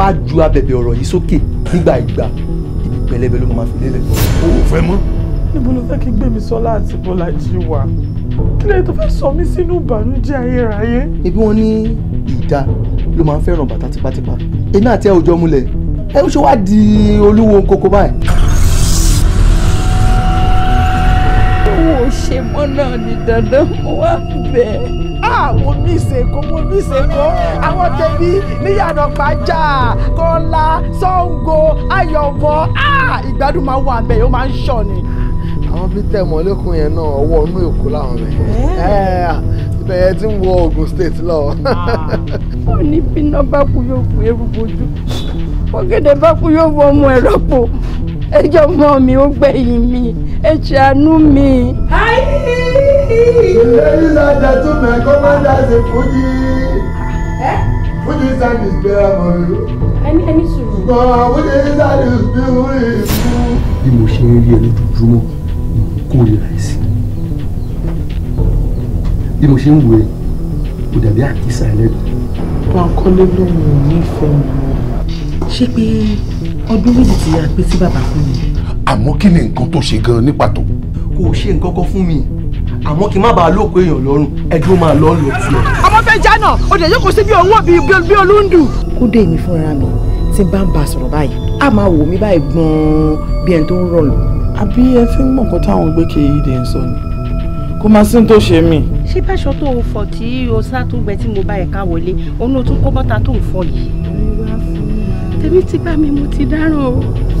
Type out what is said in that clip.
bá ju abẹ̀bẹ̀ ọ̀rọ̀ yìí sókè nígbà ìgbà ibi pẹlẹbẹ ló máa fi lélẹ̀. o ò fẹ́ mọ́. níbo ló fẹ́ kí Gbémisọ́lá àti Bọ́lájí wà kí lè tó fẹ́ sọ mí sínú ìbànújẹ́ ayérayé. ibi wọn ní ìdá ló máa ń fẹ́ràn bàtà tipátipá èmi àti ẹ ò múlẹ̀ ẹ ó ṣe wá di olúwo kókó báyìí. ṣe mọ́nà ní dandan mo wá bẹ̀. àwọn mi ṣèkó mo mi ṣèkó àwọn tẹ̀bí níyànà pàjá kọ́lá Ṣàngó ayọ̀bọ ìgbádùn máa wà bẹ́ẹ̀ ó máa ń ṣọ̀ ni. àwọn bíi tẹ̀ mọ́lẹ́kùn yẹn náà ọwọ́ inú èkó làwọn rẹ̀ ibẹ̀ yẹn ti ń wọ Ògùn state lọ. ó ní bí iná bá kú yóò fún eérú bojú ọ̀gẹ̀dẹ̀ bá kú yóò fún ọmọ ẹ̀rọ pò ẹjọ́ mọ́ mi ó gbẹ̀yìn mi ẹ ṣàánú mi. ìlérí lọ́jà tún mẹ́ kó má fújì fújì sáàdì gbé ọmọ ẹni ẹni sùúrù. ṣùgbọ́n fújì sáàdì gbé orí ìlú. bí mo ṣe ń rí ẹ lójoojúmọ́ kó o lè bí mo ṣe ń wo ẹ kò dàbí àkísà ẹlẹ́dùn. wọn kọ́lé lóhùn ò mi. ṣé pé ọdún méjì ti yára pé tí bàbá kú ni. àmọ́ kí ni nǹkan tó ṣe gan-an ní pàtó. kò ṣe nǹkan kan fún mi àmọ́ kí n má bàa lóko èèyàn lọ́rùn ẹjọ́ máa lọ́ lọ tiẹ̀. ọmọ fẹ́ jánà òde yóò kó sí bí owó bí olúndùn. ó dé èmi fúnra mi tí bá ń bá sọ̀rọ̀ báyìí á máa wò mí báyìí gan-an bí ẹni tó ń rọ̀ lọ. àbí ẹ fi ń mọ̀ nǹkan táwọn gbẹ́kẹ̀ yìí dẹ̀ ń sọ ni kó máa sí tó ṣe mí. ṣé báṣọ tó o fọ tí o sá tó gbẹ tí mo bá ẹ̀ka wọlé òun ló tún kó bọ́ta tó ń fọ yìí tèmi ti bá mi mo ti dáràn o.